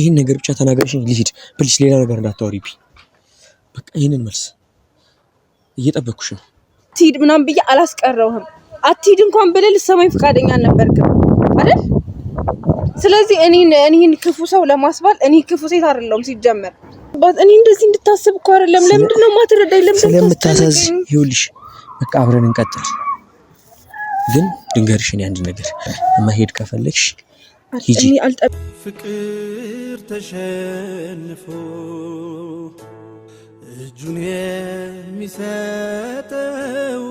ይህን ነገር ብቻ ተናገርሽ ልሂድ። ፕሊስ ሌላ ነገር እንዳታወሪብኝ። በቃ ይህንን መልስ እየጠበኩሽ ነው። አትሂድ ምናምን ብዬ አላስቀረውህም። አትሂድ እንኳን ብልህ ልትሰማኝ ፈቃደኛ አልነበርክም አይደል? ስለዚህ እኔን እኔን ክፉ ሰው ለማስባል እኔ ክፉ ሴት አይደለሁም ሲጀመር። እኔ እንደዚህ እንድታስብ እኮ አይደለም። ለምንድን ነው ማትረዳኝ? ለምን ነው ስለምታሳዝ? ይኸውልሽ በቃ አብረን እንቀጥል። ግን ድንገርሽ እኔ አንድ ነገር መሄድ ከፈለግሽ ፍቅር ተሸንፎ እጁን የሚሰጠው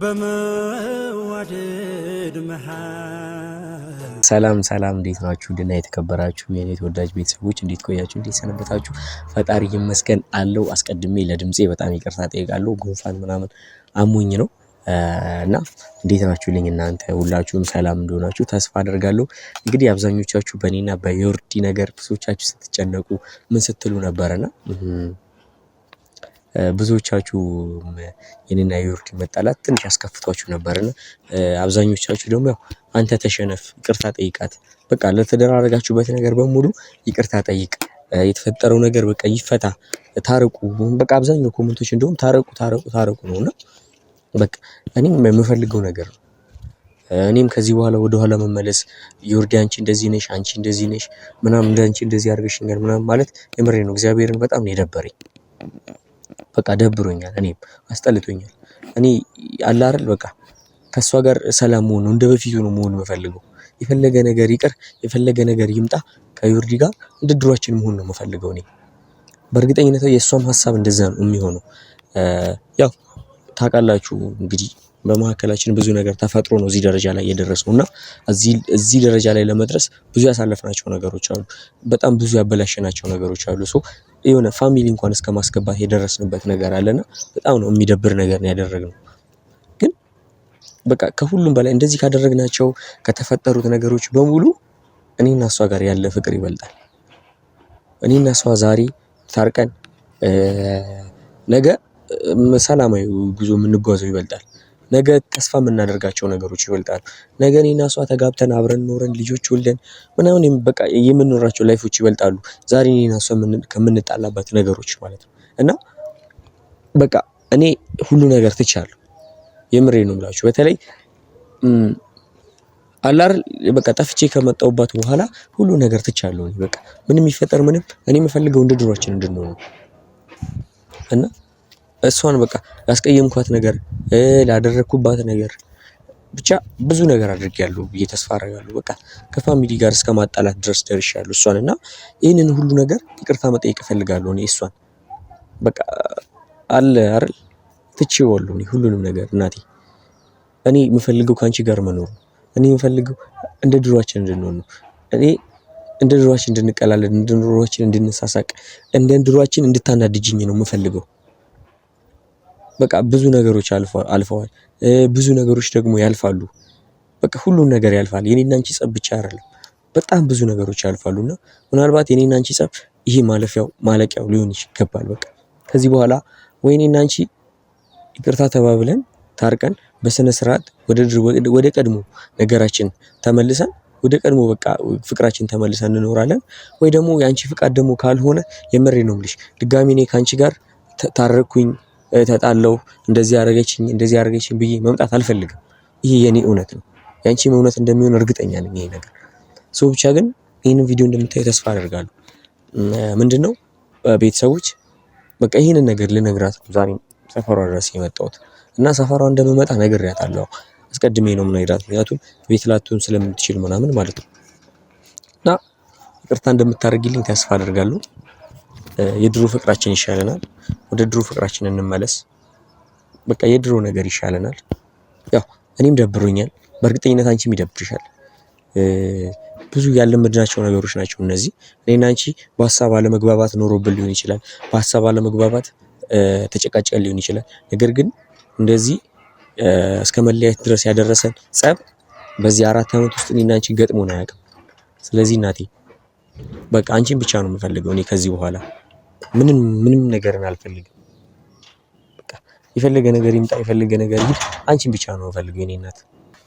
በመዋደድ መሃል። ሰላም ሰላም፣ እንዴት ናችሁ? ድና የተከበራችሁ የኔ ተወዳጅ ቤተሰቦች እንዴት ቆያችሁ? እንዴት ሰነበታችሁ? ፈጣሪ ይመስገን አለው። አስቀድሜ ለድምፄ በጣም ይቅርታ ጠይቃለሁ። ጉንፋን ምናምን አሞኝ ነው እና እንዴት ልኝ እናንተ ሁላችሁም ሰላም እንደሆናችሁ ተስፋ አደርጋለሁ። እንግዲህ አብዛኞቻችሁ በእኔና በዮርዲ ነገር ብዙዎቻችሁ ስትጨነቁ ምን ስትሉ ነበረና ብዙዎቻችሁ የኔና የዮርዲ መጣላት ትንሽ ያስከፍቷችሁ ነበርና አብዛኞቻችሁ ደግሞ ያው አንተ ተሸነፍ፣ ይቅርታ ጠይቃት፣ በቃ ለተደራረጋችሁበት ነገር በሙሉ ይቅርታ ጠይቅ፣ የተፈጠረው ነገር በቃ ይፈታ፣ ታረቁ፣ በቃ አብዛኛው ኮመንቶች እንደውም ታረቁ ታረቁ ታረቁ ነውና በቃ እኔም የምፈልገው ነገር ነው። እኔም ከዚህ በኋላ ወደኋላ መመለስ ዮርዲ አንቺ እንደዚህ ነሽ፣ አንቺ እንደዚህ ነሽ ምናምን እንደ አንቺ እንደዚህ አድርገሽኛል ምናምን ማለት የምሬ ነው። እግዚአብሔርን በጣም ነው የደበረኝ። በቃ ደብሮኛል፣ እኔም አስጠልቶኛል። እኔ አለ አይደል በቃ ከእሷ ጋር ሰላም መሆን ነው እንደ በፊቱ ነው መሆን የምፈልገው። የፈለገ ነገር ይቅር፣ የፈለገ ነገር ይምጣ፣ ከዮርዲ ጋር እንደ ድሯችን መሆን ነው የምፈልገው እኔ። በእርግጠኝነት የእሷም ሀሳብ እንደዛ ነው የሚሆነው ያው ታውቃላችሁ እንግዲህ በመካከላችን ብዙ ነገር ተፈጥሮ ነው እዚህ ደረጃ ላይ የደረስነው እና እዚህ ደረጃ ላይ ለመድረስ ብዙ ያሳለፍናቸው ነገሮች አሉ። በጣም ብዙ ያበላሸናቸው ነገሮች አሉ። ሶ የሆነ ፋሚሊ እንኳን እስከ ማስገባት የደረስንበት ነገር አለና በጣም ነው የሚደብር ነገር ነው ያደረግነው። ግን በቃ ከሁሉም በላይ እንደዚህ ካደረግናቸው ከተፈጠሩት ነገሮች በሙሉ እኔና እሷ ጋር ያለ ፍቅር ይበልጣል። እኔና እሷ ዛሬ ታርቀን ነገ ሰላማዊ ጉዞ የምንጓዘው ይበልጣል። ነገ ተስፋ የምናደርጋቸው ነገሮች ይበልጣሉ። ነገ እኔና እሷ ተጋብተን አብረን ኖረን ልጆች ወልደን ምናምን በቃ የምንኖራቸው ላይፎች ይበልጣሉ። ዛሬ እኔና እሷ ከምንጣላባት ነገሮች ማለት ነው። እና በቃ እኔ ሁሉ ነገር ትቻለሁ። የምሬ ነው ብላችሁ በተለይ አላር በቃ ጠፍቼ ከመጣሁባት በኋላ ሁሉ ነገር ትቻለሁ። በቃ ምንም ይፈጠር ምንም እኔ የምፈልገው እንደ ድሯችን እንድንሆን እና እሷን በቃ ያስቀየምኳት ነገር ላደረግኩባት ነገር ብቻ ብዙ ነገር አድርጌያለሁ ብዬ ተስፋ አደርጋለሁ። በቃ ከፋሚሊ ጋር እስከ ማጣላት ድረስ ደርሻለሁ እሷን እና ይህንን ሁሉ ነገር ይቅርታ መጠየቅ እፈልጋለሁ። እኔ እሷን በቃ አለ አይደል ትቼዋለሁ። እኔ ሁሉንም ነገር እናቴ፣ እኔ የምፈልገው ከአንቺ ጋር መኖር ነው። እኔ የምፈልገው እንደ ድሯችን እንድንሆን ነው። እኔ እንደ ድሯችን እንድንቀላለን፣ እንደ ድሯችን እንድንሳሳቅ፣ እንደ ድሯችን እንድታናድጅኝ ነው የምፈልገው። በቃ ብዙ ነገሮች አልፈዋል ብዙ ነገሮች ደግሞ ያልፋሉ። በቃ ሁሉም ነገር ያልፋል የኔና አንቺ ጸብ ብቻ አይደለም። በጣም ብዙ ነገሮች ያልፋሉ እና ምናልባት የኔና አንቺ ጸብ ይሄ ማለፊያው ማለቂያው ሊሆን ይገባል። በቃ ከዚህ በኋላ ወይ እኔና አንቺ ይቅርታ ተባብለን ታርቀን በስነ ስርዓት ወደ ቀድሞ ነገራችን ተመልሰን ወደ ቀድሞ በቃ ፍቅራችን ተመልሰን እንኖራለን። ወይ ደግሞ የአንቺ ፍቃድ ደግሞ ካልሆነ የምሬ ነው የምልሽ ድጋሚ እኔ ከአንቺ ጋር ታረኩኝ ተጣለው እንደዚህ አደረገችኝ እንደዚህ አደረገችኝ ብዬ መምጣት አልፈልግም። ይሄ የኔ እውነት ነው። ያንቺም እውነት እንደሚሆን እርግጠኛ ነኝ። ይሄ ነገር ሰው ብቻ ግን ይህንን ቪዲዮ እንደምታዩ ተስፋ አደርጋለሁ። ምንድነው ቤተሰቦች በቃ ይህንን ነገር ልነግራት ዛሬ ሰፈሯ ድረስ የመጣሁት እና ሰፈሯ እንደምመጣ ነግሬያታለሁ። አስቀድሜ ነው የምነግራት፣ ምክንያቱም ቤት ላትሆን ስለምትችል ምናምን ማለት ነው እና ይቅርታ እንደምታደርግልኝ ተስፋ አደርጋለሁ። የድሮ ፍቅራችን ይሻለናል። ወደ ድሮ ፍቅራችን እንመለስ። በቃ የድሮ ነገር ይሻለናል። ያው እኔም ደብሮኛል፣ በእርግጠኝነት አንቺም ይደብርሻል። ብዙ ያለመድናቸው ነገሮች ናቸው እነዚህ። እኔና አንቺ በሀሳብ አለመግባባት ኖሮብን ሊሆን ይችላል። በሀሳብ አለመግባባት ተጨቃጭቀን ሊሆን ይችላል። ነገር ግን እንደዚህ እስከ መለያየት ድረስ ያደረሰን ጸብ በዚህ አራት ዓመት ውስጥ እኔና አንቺ ገጥሞን አያውቅም። ስለዚህ እናቴ በቃ አንቺን ብቻ ነው የምፈልገው እኔ ከዚህ በኋላ ምንም ምንም ነገርን አልፈልግም። በቃ የፈለገ ነገር ይምጣ የፈለገ ነገር ይሂድ፣ አንቺን ብቻ ነው የምፈልገው የኔ እናት።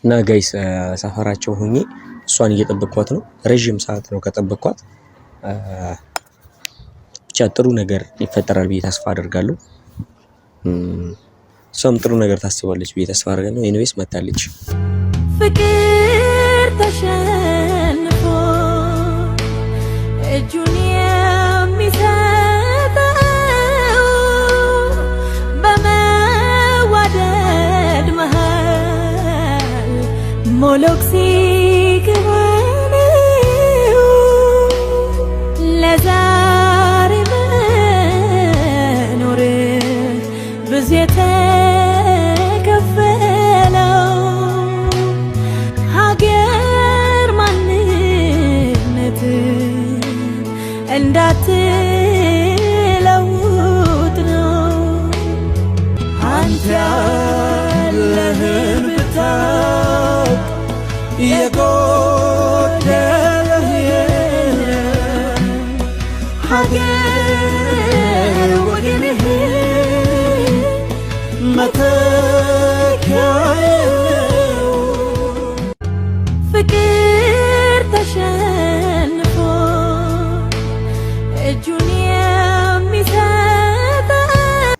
እና ጋይስ ሰፈራቸው ሆኜ እሷን እየጠበቅኳት ነው። ረዥም ሰዓት ነው ከጠበቅኳት። ብቻ ጥሩ ነገር ይፈጠራል ብዬ ተስፋ አደርጋለሁ። እሷም ጥሩ ነገር ታስባለች ብዬ ተስፋ አደርጋለሁ። ኤኒዌይስ መታለች። ፍቅር ተሸንፎ እጁን مولوكسيك غانيو لازال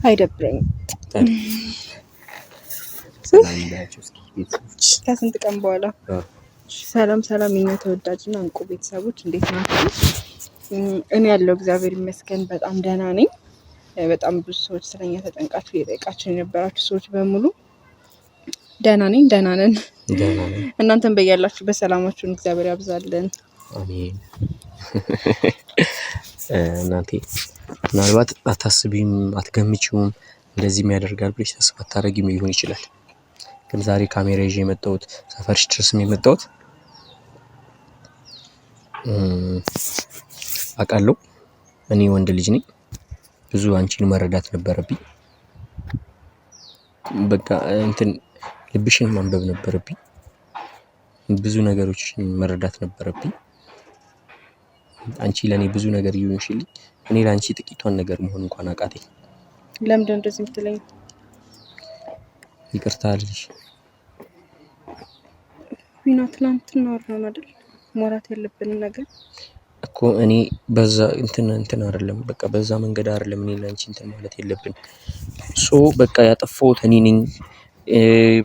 አይደብረኝም። ከስንት ቀን በኋላ ሰላም ሰላም፣ የኛ ተወዳጅና እንቁ ቤተሰቦች እንዴት ናቸው? እኔ ያለው እግዚአብሔር ይመስገን በጣም ደህና ነኝ። በጣም ብዙ ሰዎች ስለኛ ተጠንቃችሁ የጠየቃችሁ የነበራችሁ ሰዎች በሙሉ ደህና ነኝ፣ ደህና ነን። እናንተም በያላችሁ በሰላማችሁን እግዚአብሔር ያብዛልን። አሜን። እናንተ ምናልባት አታስቢም፣ አትገምቺውም እንደዚህም ያደርጋል ብለሽ ተስፋ አታደርጊም ሊሆን ይችላል። ግን ዛሬ ካሜራ ይዤ የመጣሁት ሰፈርሽ ድረስም የመጣሁት አውቃለሁ። እኔ ወንድ ልጅ ነኝ። ብዙ አንቺን መረዳት ነበረብኝ። በቃ እንትን ልብሽን ማንበብ ነበረብኝ። ብዙ ነገሮችን መረዳት ነበረብኝ። አንቺ ለእኔ ብዙ ነገር እየሆንሽልኝ፣ እኔ ለአንቺ ጥቂቷን ነገር መሆን እንኳን አቃተኝ። ለምንድን እንደዚህ የምትለኝ? ይቅርታ አልልሽ ዊና። ትናንትና ወራን አይደል ማውራት ያለብንን ነገር እኮ እኔ በዛ እንትን እንትን አይደለም በቃ በዛ መንገድ አይደለም። እኔ ለአንቺ እንትን ማለት የለብን ሶ በቃ ያጠፋሁት እኔ ነኝ፣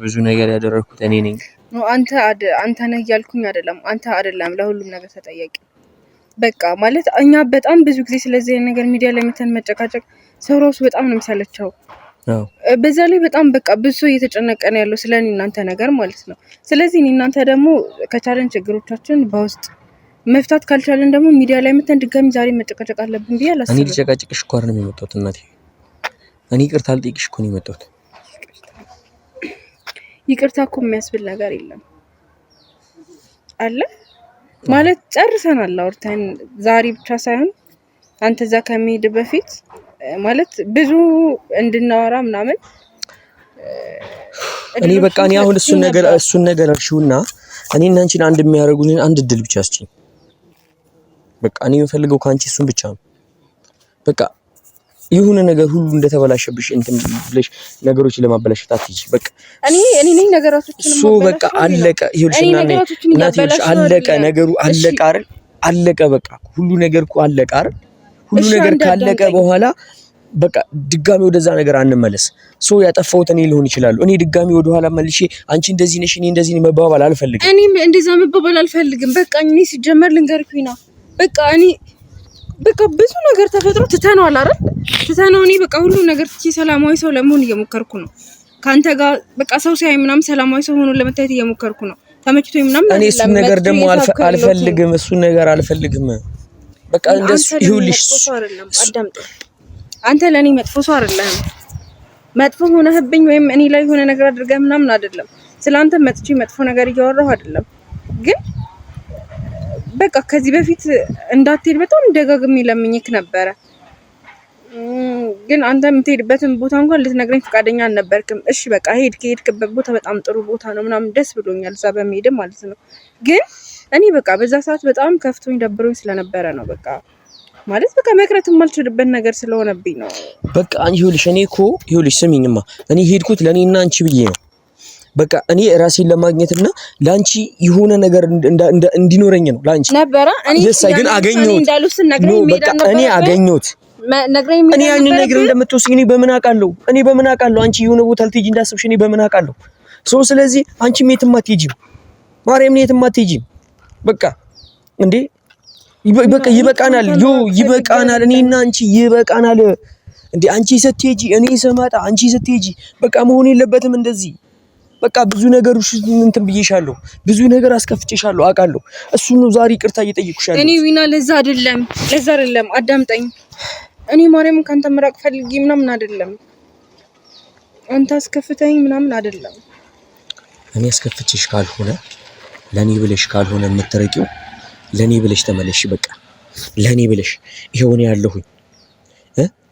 ብዙ ነገር ያደረግኩት እኔ ነኝ። አንተ አንተ ነህ እያልኩኝ አይደለም። አንተ አይደለም ለሁሉም ነገር ተጠያቂ በቃ ማለት እኛ በጣም ብዙ ጊዜ ስለዚህ ነገር ሚዲያ ላይ መተን መጨቃጨቅ ሰው ራሱ በጣም ነው የሚሰለቸው። በዛ ላይ በጣም በቃ ብዙ ሰው እየተጨነቀ ነው ያለው ስለ እኔ እናንተ ነገር ማለት ነው። ስለዚህ እኔ እናንተ ደግሞ ከቻለን ችግሮቻችን በውስጥ መፍታት ካልቻለን ደግሞ ሚዲያ ላይ መተን ድጋሚ ዛሬ መጨቃጨቅ አለብን ብዬ አላስብም። እኔ ልጨቃጨቅሽ እኮ አይደለም የመጣሁት እናቴ፣ እኔ ይቅርታ ልጠይቅሽ እኮ ነው የመጣሁት። ይቅርታ እኮ የሚያስብል ነገር የለም አለ ማለት ጨርሰናል አውርተን ዛሬ ብቻ ሳይሆን አንተ እዛ ከሚሄድ በፊት ማለት ብዙ እንድናወራ ምናምን እኔ በቃ እኔ አሁን እሱን ነገር እሱን ነገር እርሺውና እኔ እና አንቺን አንድ የሚያደርጉኝ አንድ እድል ብቻ ስጪኝ። በቃ እኔ የምፈልገው ከአንቺ እሱን ብቻ ነው በቃ የሆነ ነገር ሁሉ እንደተበላሸብሽ እንትን ብለሽ ነገሮች ለማበላሸት አትይጂ። በቃ እኔ እኔ ነኝ ነገራቶችን ሶ በቃ አለቀ። ይኸውልሽ እናቴ አለቀ፣ ነገሩ አለቀ አይደል? አለቀ በቃ ሁሉ ነገር እኮ አለቀ አይደል? ሁሉ ነገር ካለቀ በኋላ በቃ ድጋሚ ወደዛ ነገር አንመለስ። ሶ ያጠፋሁት እኔ ሊሆን ይችላሉ። እኔ ድጋሚ ወደኋላ መልሼ አንቺ እንደዚህ ነሽ፣ እኔ እንደዚህ ነኝ መባባል አልፈልግም። እኔም እንደዛ መባባል አልፈልግም። በቃ እኔ ሲጀመር ልንገርኩኝ ነው በቃ እኔ በቃ ብዙ ነገር ተፈጥሮ ትተነዋል አይደል? ትተነው እኔ በቃ ሁሉ ነገር ትቼ ሰላማዊ ሰው ለመሆን እየሞከርኩ ነው። ከአንተ ጋር በቃ ሰው ሲያይ ምናምን ሰላማዊ ሰው ሆኖ ለመታየት እየሞከርኩ ነው። ተመችቶ ምናምን እኔ እሱን ነገር ደግሞ አልፈልግም፣ እሱን ነገር አልፈልግም። በቃ እንደሱ ይሁልሽ። አንተ ለእኔ መጥፎ ሰው አይደለህም። መጥፎ ሆነህብኝ ወይም እኔ ላይ የሆነ ነገር አድርገህ ምናምን አይደለም። ስለአንተ አንተ መጥቼ መጥፎ ነገር እያወራሁ አይደለም ግን በቃ ከዚህ በፊት እንዳትሄድ በጣም ደጋግሜ ለምኝክ ነበረ፣ ግን አንተ የምትሄድበትን ቦታ እንኳን ልትነግረኝ ፈቃደኛ አልነበርክም። እሺ በቃ ሄድ። ከሄድክበት ቦታ በጣም ጥሩ ቦታ ነው ምናምን ደስ ብሎኛል፣ እዛ በመሄድ ማለት ነው። ግን እኔ በቃ በዛ ሰዓት በጣም ከፍቶኝ ደብሮኝ ስለነበረ ነው በቃ ማለት በቃ መቅረት የማልችልበት ነገር ስለሆነብኝ ነው። በቃ ይኸውልሽ እኔ እኮ ይኸውልሽ ስሚኝማ እኔ ሄድኩት ለእኔና አንቺ ብዬ ነው በቃ እኔ ራሴን ለማግኘት እና ላንቺ የሆነ ነገር እንዲኖረኝ ነው። ላንቺ ነበረ እኔ ግን አገኘሁት። በቃ እኔ አገኘሁት እኔ ያንን ነገር እንደምትወስኝ እኔ በምን አውቃለሁ? እኔ በምን አውቃለሁ? አንቺ የሆነ ቦታ ልትሄጂ እንዳስብሽ እኔ በምን አውቃለሁ? ሰው ስለዚህ አንቺም የትም አትሄጂም፣ ማርያምን የትም አትሄጂም። በቃ እንዴ በቃ ይበቃናል፣ ዮ ይበቃናል። እኔና አንቺ ይበቃናል። እንዴ አንቺ ስትሄጂ እኔ ስመጣ አንቺ ስትሄጂ በቃ መሆን የለበትም እንደዚህ በቃ ብዙ ነገሮች እንትን ብዬሻለሁ፣ ብዙ ነገር አስከፍቼሻለሁ፣ አውቃለሁ። እሱ ነው ዛሬ ይቅርታ እየጠየኩሻለሁ። እኔ ዊና፣ ለዛ አይደለም ለዛ አይደለም፣ አዳምጠኝ። እኔ ማርያም ከአንተ መራቅ ፈልጌ ምናምን አይደለም፣ አንተ አስከፍተኝ ምናምን አይደለም። እኔ አስከፍቼሽ ካልሆነ ለእኔ ብለሽ ካልሆነ የምትረቂው ለእኔ ብለሽ ተመለሽ። በቃ ለእኔ ብለሽ ይሄው እኔ ያለሁኝ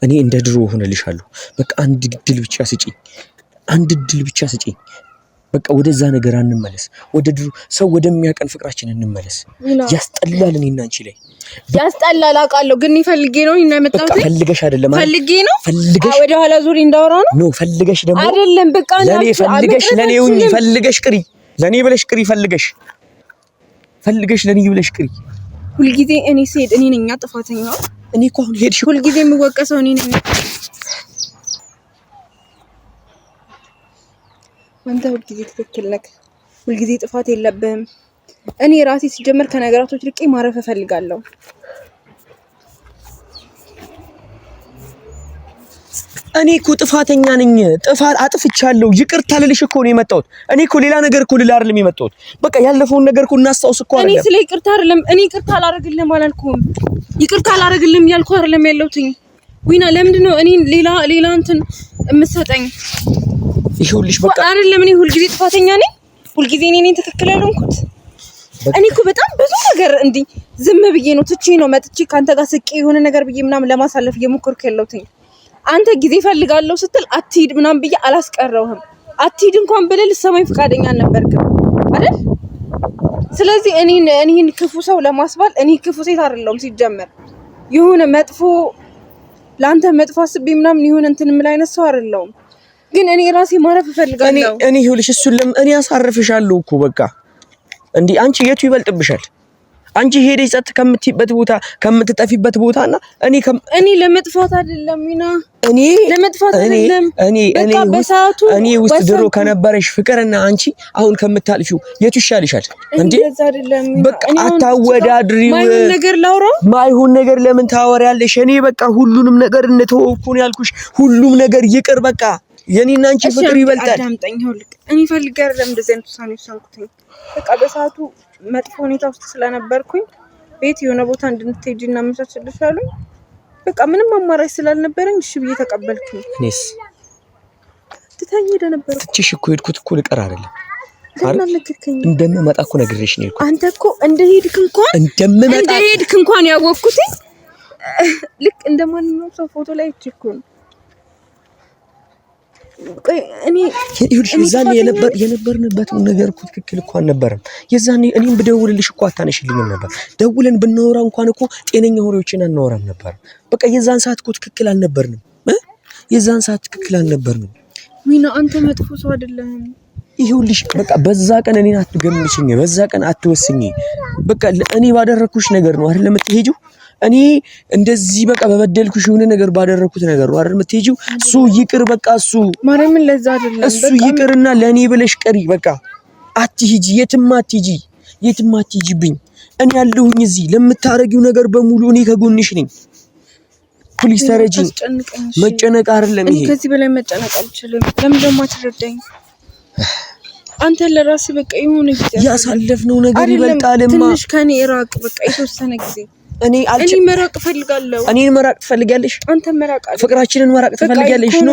እኔ እንደ ድሮ ሆነልሻለሁ። በቃ አንድ ድል ብቻ ስጪኝ፣ አንድ ድል ብቻ ስጪኝ። በቃ ወደዛ ነገር አንመለስ። ወደ ድሮ ሰው ወደሚያቀን ፍቅራችን እንመለስ። ያስጠላል። እኔና አንቺ ላይ ያስጠላል አውቃለሁ፣ ግን ፈልጌ ነው እና መጣሁት። በቃ ፈልገሽ አይደለም ፈልጌ ነው ፈልገሽ ወደ ኋላ ዙሪ እንዳወራ ነው ነው ፈልገሽ ደግሞ አይደለም በቃ ለኔ ፈልገሽ ለኔ ሁኚ ፈልገሽ ቅሪ ለኔ ብለሽ ቅሪ ፈልገሽ ፈልገሽ ለኔ ብለሽ ቅሪ። ሁልጊዜ እኔ ስሄድ እኔ ነኝ ጥፋተኛው። እኔ እኮ አሁን ሄድሽ። ሁልጊዜ የምወቀሰው እኔ ነኝ። አንተ ሁልጊዜ ትክክል ነህ፣ ሁልጊዜ ጥፋት የለብህም። እኔ ራሴ ሲጀመር ከነገራቶች ርቄ ማረፍ እፈልጋለሁ። እኔ እኮ ጥፋተኛ ነኝ። ጥፋት አጥፍቻለሁ። ይቅርታ ልልሽ እኮ ነው የመጣሁት። እኔ እኮ ሌላ ነገር እኮ ልል አይደለም የመጣሁት። በቃ ያለፈውን ነገር እኮ እናስታውስ እኮ አይደለም። እኔ ስለ ይቅርታ አይደለም። እኔ ይቅርታ አላደርግልህም አላልኩም። ይቅርታ አላደርግልህም ያልኩህ አይደለም ያለሁት ዊና ለምንድን ነው እኔ ሌላ ሌላ እንትን የምትሰጠኝ? ይሁልሽ በቃ አይደለም። እኔ ሁልጊዜ ጥፋተኛ ነኝ። ሁልጊዜ እኔ ነኝ ትክክል ያልሆንኩት። እኔ እኮ በጣም ብዙ ነገር እንዲህ ዝም ብዬ ነው ትቼ ነው መጥቼ ከአንተ ጋር ስቄ የሆነ ነገር ብዬ ምናምን ለማሳለፍ እየሞከርኩ ያለሁትኝ። አንተ ጊዜ ፈልጋለሁ ስትል አትሂድ ምናምን ብዬ አላስቀረውህም። አትሂድ እንኳን ብልህ ልትሰማኝ ፈቃደኛ አልነበርክም አይደል? ስለዚህ እኔን እኔን ክፉ ሰው ለማስባል እኔ ክፉ ሴት አይደለሁም ሲጀመር የሆነ መጥፎ ለአንተ መጥፎ አስቤ ምናምን ይሁን እንትን የምል አይነት ሰው አይደለሁም። ግን እኔ ራሴ ማረፍ እፈልጋለሁ። እኔ ይኸውልሽ፣ እሱን እኔ አሳርፍሻለሁ እኮ በቃ። እንዲህ አንቺ የቱ ይበልጥብሻል? አንቺ ሄደሽ ጸጥ ከምትይበት ቦታ ከምትጠፊበት ቦታ እና እኔ እኔ ለመጥፋት አይደለም ሚና እኔ ለመጥፋት አይደለም እኔ እኔ በሰዓቱ እኔ ውስጥ ድሮ ከነበረሽ ፍቅርና አንቺ አሁን ከምታልፊው የቱ ይሻልሻል እንዴ? አይደለም በቃ አታወዳድሪው። ማይሆን ነገር ላውራ ማይሆን ነገር ለምን ታወሪያለሽ? እኔ በቃ ሁሉንም ነገር እንደተወኩ ነው ያልኩሽ። ሁሉም ነገር ይቅር በቃ የኔና አንቺ ፍቅር ይበልጣል። አዳምጠኝ። ይኸውልህ እኔ ፈልጌ አይደለም እንደዚህ አይነት ውሳኔ ወሰንኩት። በቃ በሰዓቱ መጥፎ ሁኔታ ውስጥ ስለነበርኩኝ ቤት የሆነ ቦታ እንድትሄጂ እናመቻችልሽ አሉኝ። በቃ ምንም አማራጭ ስላልነበረኝ እሺ ብዬ ተቀበልኩኝ። እኔስ ትታኝ ሄደ ነበር። ትችሽ እኮ ሄድኩት እኮ ልቀር አይደለም እንደምመጣ እኮ ነግሬሽ ነው አንተ እኮ እንደሄድክ እንኳን እንደምመጣ እንደሄድክ እንኳን ያወቅኩት ልክ እንደማንኛውም ሰው ፎቶ ላይ እችኩን የዛኔ የነበርንበትን ነገር እኮ ትክክል እኮ አልነበረም። የዛኔ እኔም ብደውልልሽ እኮ አታነሽልኝም ነበር። ደውለን ብናወራ እንኳን እኮ ጤነኛ ወሬዎችን አናወራም ነበር። በቃ የዛን ሰዓት እኮ ትክክል አልነበርንም። የዛን ሰዓት ትክክል አልነበርንም። አንተ መጥፎ ሰው አይደለህም። ይኸውልሽ በቃ በዛ ቀን እኔን አትገምችኝ፣ በዛ ቀን አትወስኝ። በቃ እኔ ባደረግኩሽ ነገር ነው አይደለም የምትሄጂው እኔ እንደዚህ በቃ በበደልኩሽ የሆነ ነገር ባደረኩት ነገር ነው አይደል የምትሄጂው? እሱ ይቅር በቃ እሱ ማርያምን፣ ለዛ አይደለም እሱ ይቅርና ለእኔ ብለሽ ቀሪ በቃ አትሂጂ፣ የትም አትሂጂ፣ የትም አትሂጂብኝ። እኔ ያለሁኝ እዚህ ለምታረጊው ነገር በሙሉ እኔ ከጎንሽ ነኝ። ፖሊስ ተረጂ። መጨነቅ አይደለም ይሄ። ከዚህ በላይ መጨነቅ አልችልም። ለምን ደግሞ አትረዳኝ? አንተ ለራስህ በቃ የሆነ ጊዜ ያሳለፍነው ነገር ይበልጣልማ። ትንሽ ከኔ ራቅ በቃ የተወሰነ ጊዜ እኔ አልች መራቅ ፈልጋለሁ። እኔን መራቅ ትፈልጊያለሽ? አንተ መራቅ ፍቅራችንን መራቅ ትፈልጊያለሽ? ኖ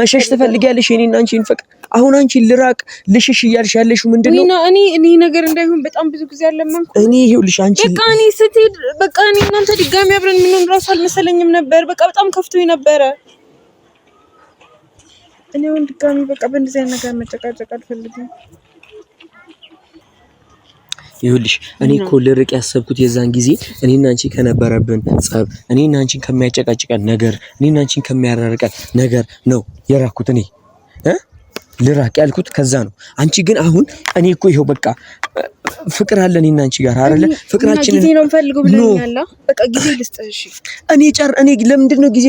መሸሽ ትፈልጊያለሽ? እኔን አንቺን ፍቅር አሁን አንቺን ልራቅ ልሽሽ እያልሽ ያለሽ ምንድን ነው? እኔ እኔ ነገር እንዳይሆን በጣም ብዙ ጊዜ አለመንኩ። እኔ ይኸውልሽ አንቺ በቃ እኔ ስትሄድ በቃ እኔ እናንተ ድጋሚ አብረን የምንሆን እራሱ አልመሰለኝም ነበር። በቃ በጣም ከፍቶኝ ነበረ። እኔ አሁን ድጋሚ በቃ በእንደዚህ አይነት ነገር መጨቃጨቅ አልፈልግም። ይሁልሽ እኔ እኮ ልርቅ ያሰብኩት የዛን ጊዜ እኔና አንቺ ከነበረብን ጸብ፣ እኔና አንቺን ከሚያጨቃጭቀን ነገር፣ እኔና አንቺን ከሚያራርቀን ነገር ነው የራኩት። እኔ ልራቅ ያልኩት ከዛ ነው። አንቺ ግን አሁን እኔ እኮ ይኸው በቃ ፍቅር አለን እኔና አንቺ ጋር አይደለ? ፍቅራችንን ጊዜ ነው ፈልጉ ብለኛል። በቃ ጊዜ ልስጥ። እሺ እኔ ጨር እኔ ለምንድን ነው ጊዜ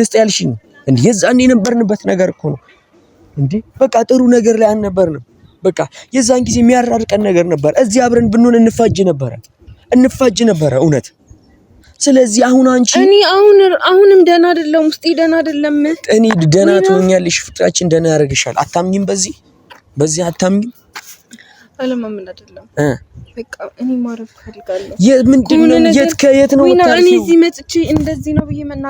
ልስጥ ያልሽኝ? እንዴ የዛን የነበርንበት ነገር እኮ ነው እንዴ። በቃ ጥሩ ነገር ላይ አልነበርንም። በቃ የዛን ጊዜ የሚያራርቀን ነገር ነበር። እዚህ አብረን ብንሆን እንፋጅ ነበረ እንፋጅ ነበረ እውነት። ስለዚህ አሁን አንቺ እኔ አሁን አሁንም ደህና አይደለም፣ ውስጤ ደህና አይደለም። እኔ ደህና ትሆኛለሽ፣ ፍቅራችን ደህና ያደርግሻል። አታምኝም? በዚህ በዚህ አታምኝም? አለማመን አይደለም በቃ እኔ ማረፍ ፈልጋለሁ። ምንድን የት ከየት ነው ታሪክ? እኔ እዚህ መጥቼ እንደዚህ ነው ብዬ መና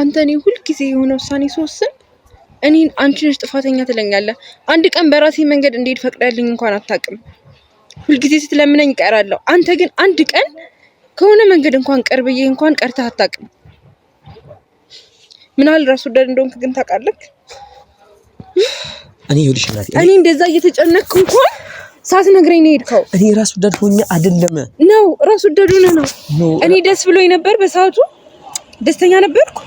አንተ እኔ ሁልጊዜ የሆነ ውሳኔ ሶስት እኔን አንቺ ነሽ ጥፋተኛ ትለኛለህ። አንድ ቀን በራሴ መንገድ እንዴት ፈቅዳልኝ እንኳን አታውቅም። ሁልጊዜ ስትለምነኝ እቀራለሁ። አንተ ግን አንድ ቀን ከሆነ መንገድ እንኳን ቀርብዬ እንኳን ቀርተህ አታውቅም። ምን ያህል ራስ ወዳድ እንደሆንክ ግን ታውቃለህ። እኔ ይኸውልሽ እናቴ፣ እኔ እንደዛ እየተጨነቅኩ እንኳን ሳትነግረኝ ነው የሄድከው። እኔ ራስ ወዳድ ሆኜ አይደለም ነው ራስ ወዳድ ሆነህ ነው። እኔ ደስ ብሎኝ ነበር በሰዓቱ ደስተኛ ነበርኩ።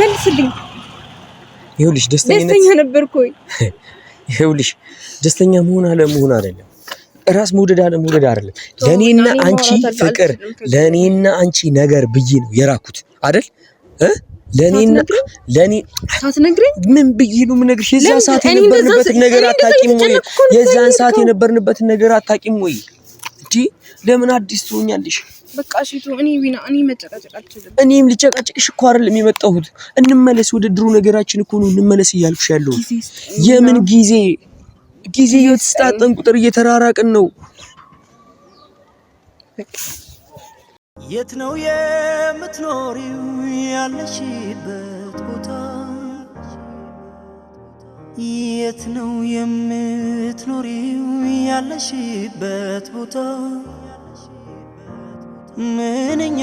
መልስልኝ ይኸውልሽ ደስተኛ ነበርኩኝ። ይኸውልሽ ደስተኛ መሆን አለመሆን አይደለም ራስ መውደድ አለመውደድ አይደለም። ለእኔና አንቺ ፍቅር፣ ለእኔና አንቺ ነገር ብዬ ነው የራኩት አይደል? ለእኔና ለእኔ ሳትነግረኝ ምን ብዬ ነው የምነግርሽ? የዛን ሰዓት የነበርንበትን ነገር አታቂም ወይ? የዛን ሰዓት የነበርንበትን ነገር አታቂም ወይ? እንዲህ ለምን አዲስ ትሆኛለሽ? በቃ እሺ፣ እኔ ቢና እኔ መጨቃጨቅ አልችልም። እኔም ልጨቃጨቅሽ እኮ አይደለም የመጣሁት። እንመለስ ወደ ድሮ ነገራችን እኮ ነው እንመለስ እያልኩሽ ያለው። የምን ጊዜ ጊዜ የተስታጠን ቁጥር እየተራራቅን ነው። የት ነው የምትኖሪው? ያለሽበት ቦታ የት ነው የምትኖሪው? ያለሽበት ቦታ ምንኛ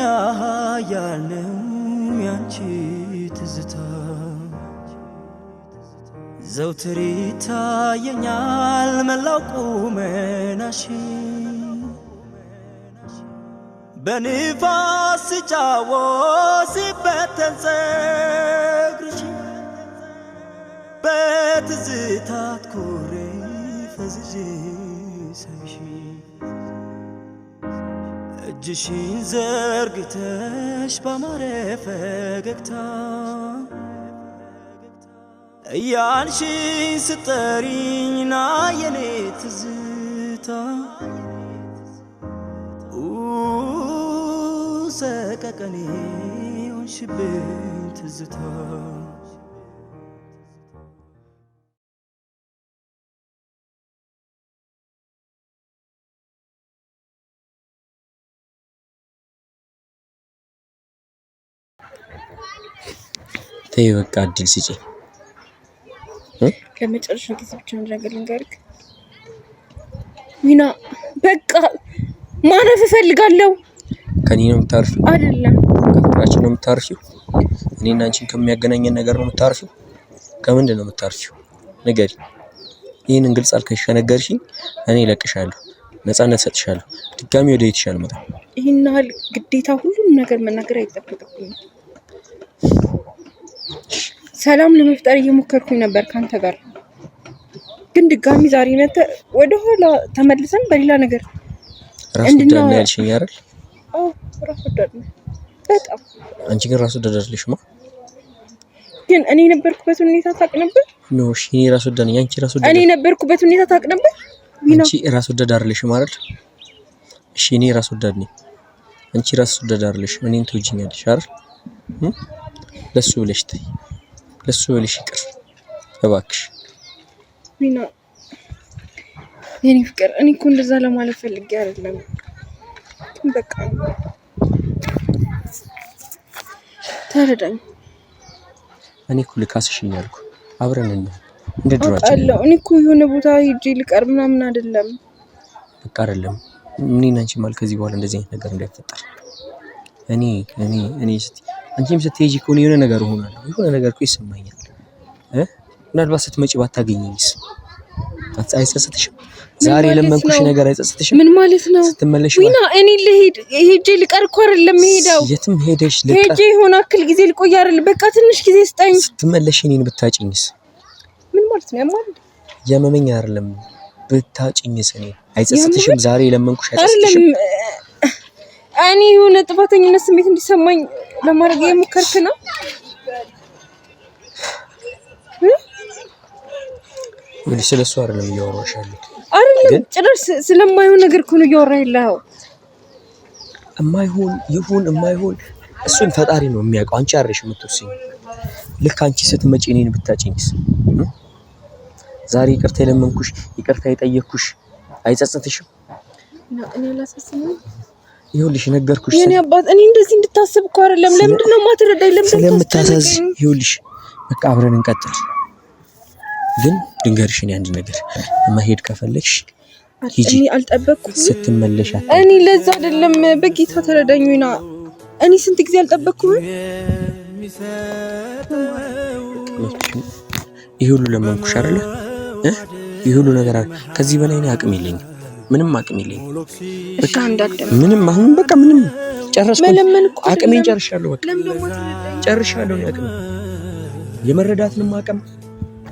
ያልነው ያንቺ ትዝታ ዘውትር ይታየኛል መላው ቁመናሽ በንፋስ ሲጫወት ሲበተን ፀጉርሽ በትዝታ አትኩሬ ፈዝዤ ሳይሽ እጅሽን ዘርግተሽ ባማረ ፈገግታ እያልሽኝ ስጠሪኝ ና የኔ ትዝታ ሰቀቀኔ ሆንሽብኝ ትዝታ ተይ በቃ እድል ስጪኝ። ከመጨረሻ ጊዜ ብቻ አንድ ነገር ልንገርክ ዊና፣ በቃ ማረፍ እፈልጋለሁ። ከኔ ነው የምታርፊው? አይደለም፣ ከፍቅራችን ነው የምታርፊው። እኔና አንቺን ከሚያገናኘን ነገር ነው የምታርፊው? ከምንድን ነው የምታርፊው? ንገሪ። ይህንን ግልጽ አልከሽ ከነገርሽኝ እኔ እለቅሻለሁ፣ ነፃነት ሰጥሻለሁ። ድጋሚ ወደ ቤትሽ አልመጣም። ይህን ያህል ግዴታ ሁሉም ነገር መናገር አይጠበቅብኝም። ሰላም ለመፍጠር እየሞከርኩኝ ነበር ከአንተ ጋር ግን ድጋሚ ዛሬ መተ ወደ ኋላ ተመልሰን በሌላ ነገር እንድናያልሽኝ አይደል? ራስ ወዳድ ነው በጣም አንቺ ግን ራስ ወዳድ አይደለሽማ። ግን እኔ የነበርኩበት ሁኔታ ታውቅ ነበር። ኖ እሺ፣ እኔ ራስ ወዳድ ነኝ። አንቺ ራስ ወዳድ እኔ የነበርኩበት ሁኔታ ታውቅ ነበር። አንቺ ራስ ወዳድ አይደለሽም አይደል? እሺ፣ እኔ ራስ ወዳድ ነኝ። አንቺ ራስ ወዳድ አይደለሽም። እኔን ትወጂኛለሽ አይደል? ለሱ ብለሽ ለሱ ብልሽ ይቅር እባክሽ። ቢና የኔ ፍቅር፣ እኔ እኮ እንደዛ ለማለት ፈልጌ አይደለም። በቃ ተረዳኝ። እኔ እኮ ልካስሽ እያልኩ አብረን እና እንደ ድሯችን እኔ እኮ የሆነ ቦታ ሄጄ ልቀር ምናምን አይደለም። በቃ አይደለም። እኔና አንቺ ማለት ከዚህ በኋላ እንደዚህ አይነት ነገር እንዳይፈጠር እኔ እኔ እኔ ስትይ አንቺም ስትሄጂ እኮ የሆነ ነገር እሆናለሁ። የሆነ ነገር እኮ ይሰማኛል። ምናልባት ስትመጪ ባታገኝኝስ አይጸጽትሽም? ዛሬ የለመንኩሽ ነገር አይጸጽትሽም? ምን ማለት ነው? ስትመለሽ ዊና፣ እኔ ልሄድ ሄጄ ልቀር እኮ አይደለም የምሄደው። የትም ሄደሽ ልቀር ሄጄ የሆነ አክል ጊዜ ልቆይ አይደል? በቃ ትንሽ ጊዜ ስጠኝ። ስትመለሽ እኔን ብታጭኝስ? ምን ማለት ነው? ያማል የመመኝ አይደለም ብታጭኝስ? እኔ አይጸጽትሽም? ዛሬ የለመንኩሽ አይጸጽትሽም? እኔ የሆነ ጥፋተኝነት ስሜት እንዲሰማኝ ለማድረግ የሞከርክ ነው። እንግዲህ ስለ እሱ አይደለም እያወራሽ አይደለም፣ ጭራሽ ስለማይሆን ነገር እኮ ነው እያወራ ያለው። እማይሆን ይሁን እማይሆን እሱን ፈጣሪ ነው የሚያውቀው። አንቺ አረሽ የምትወስኝ ልክ አንቺ ስትመጪ እኔን ብታጭኝስ? ዛሬ ይቅርታ የለመንኩሽ ይቅርታ የጠየቅኩሽ አይጸጽትሽም? ይኸውልሽ ነገርኩሽ። የኔ አባት እኔ እንደዚህ እንድታስብ እኮ አይደለም። ለምንድን ነው የማትረዳኝ? ለምንድን ነው የምታሳዝኝ? ይኸውልሽ በቃ አብረን እንቀጥል። ግን ድንገርሽ እኔ አንድ ነገር መሄድ ከፈለግሽ ሂጂ። አልጠበቅኩም ስትመለሽ። እኔ ለዛ አይደለም በጌታ ተረዳኝ ተረዳኝና እኔ ስንት ጊዜ አልጠበቅኩም። ይሄ ሁሉ ለመንኩሽ አይደለ? ይሄ ሁሉ ነገር ከዚህ በላይ እኔ አቅም የለኝም። ምንም አቅም የለኝም። ምንም አሁን በቃ ምንም ጨረስኩ። አቅሜን ጨርሻለሁ። በቃ ጨርሻለሁ። አቅሜ የመረዳትንም አቅም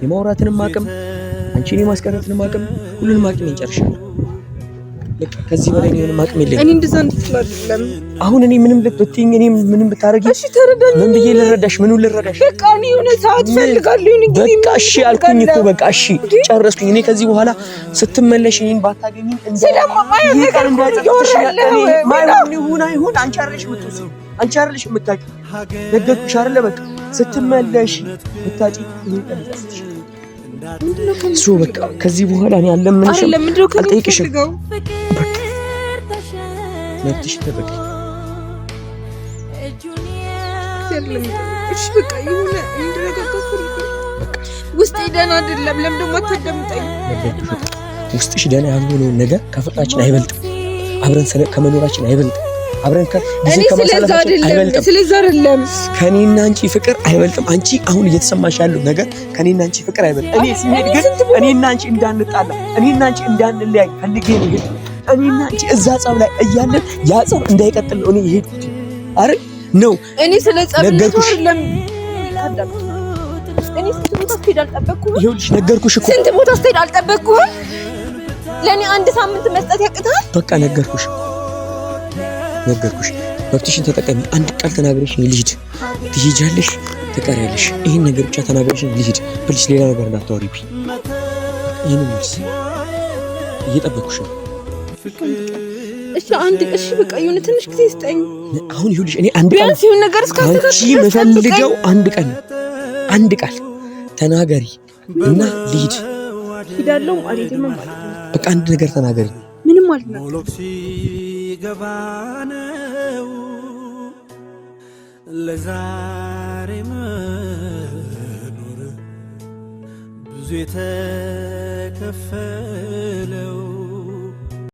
የማውራትንም አቅም አንቺን የማስቀረትንም አቅም ሁሉንም አቅሜን ጨርሻለሁ። ከዚህ በላይ ምንም አቅም የለኝም። እኔ እንደዛ እንድትል አሁን እኔ ምንም ልትበትኝ፣ እኔ ምንም ብታረጊ፣ እሺ ተረዳኝ። ምን ብዬ ልረዳሽ? ምኑ ልረዳሽ? በቃ እኔ የሆነ ሰዓት ፈልጋለሁ። እኔ ግን በቃ እሺ አልኩኝ እኮ በቃ እሺ፣ ጨረስኩኝ። እኔ ከዚህ በኋላ ስትመለሽ እኔን ባታገኝ ይሁን አይሁን አይደለ? በቃ ስትመለሽ ሶ በቃ ከዚህ በኋላ እኔ አልለምንሽም፣ አልጠይቅሽም። መብትሽ ተጠቂ። ውስጤ ደህና አይደለም። ለምን ደግሞ አታዳምጠኝ? ውስጥሽ ደህና ያልሆነውን ነገር ከፍቅራችን አይበልጥም፣ አብረን ከመኖራችን አይበልጥም። አብረን ከጊዜ ከማሳለፋችን አይበልጥም። ስለዛ አይደለም ከኔና አንቺ ፍቅር አይበልጥም። አንቺ አሁን እየተሰማሽ ያለው ነገር ከኔና አንቺ ፍቅር አይበልጥም። እኔ ስሜት ግን እኔና አንቺ እንዳንጣላ፣ እኔና አንቺ እንዳንለያይ ፈልጌ ነው ይሄ እኔና አንቺ እዛ ጸብ ላይ እያለን ያ ጸብ እንዳይቀጥል ነው እኔ የሄድኩት። አረ ነው እኔ ስለ ጸብ ነገርኩሽ። እኔ ስንት ቦታ ስትሄድ አልጠበቅኩም። ይኸውልሽ ነገርኩሽ እኮ ስንት ቦታ ስትሄድ አልጠበቅኩም። ለእኔ አንድ ሳምንት መስጠት ያቅታል። በቃ ነገርኩሽ። ነገርኩሽ። መብትሽን ተጠቀሚ። አንድ ቃል ተናግረሽ ልሂድ። ትሄጃለሽ፣ ትቀሪያለሽ። ይህን ነገር ብቻ ተናግረሽ ልሂድ። ፕሊስ፣ ሌላ ነገር እንዳታወሪብኝ። ይህን መልስ እየጠበኩሽ ነው። እሺ አንድ እሺ፣ በቃ የሆነ ትንሽ ጊዜ ስጠኝ። አሁን ይኸውልሽ፣ እኔ አንድ ቃል ቢያንስ ይሁን ነገር እስካስተካክል መፈልገው አንድ ቃል አንድ ቃል ተናገሪ እና ልሂድ። ሂዳለው ማለት ነው። በቃ አንድ ነገር ተናገሪ። ምንም ማለት ነው። ሲገባነው ለዛሬ መኖር ብዙ የተከፈለው